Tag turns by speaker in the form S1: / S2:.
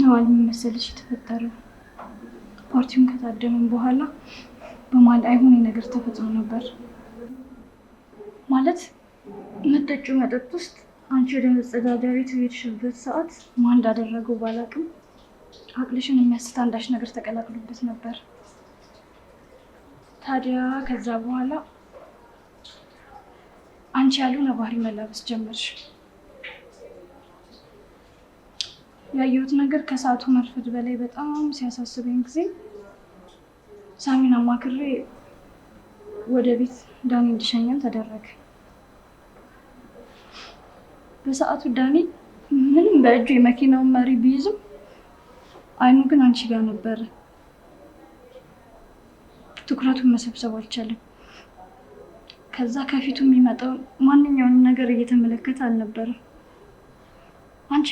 S1: ነዋል አልመሰለሽ የተፈጠረው። ፓርቲውን ከታደምን በኋላ በማል አይሆን ነገር ተፈጥሮ ነበር። ማለት
S2: መጠጩ መጠጥ ውስጥ አንቺ ወደ መጸዳጃ ትቤትሽበት ሰዓት
S1: ማን እንዳደረገው ባላቅም አቅልሽን የሚያስት አንዳች ነገር ተቀላቅሎበት ነበር። ታዲያ ከዛ በኋላ አንቺ ያሉ ባህሪ መላበስ ጀመርሽ። ያየሁት ነገር ከሰዓቱ መርፈድ በላይ በጣም ሲያሳስበኝ ጊዜ ሳሚን አማክሬ ወደ ቤት ዳኒ እንዲሸኘን ተደረገ። በሰዓቱ ዳኒ ምንም በእጁ የመኪናውን መሪ ቢይዝም አይኑ ግን አንቺ ጋር ነበረ። ትኩረቱን መሰብሰብ አልቻለም። ከዛ ከፊቱ የሚመጣው ማንኛውንም ነገር እየተመለከተ አልነበረም። አንቺ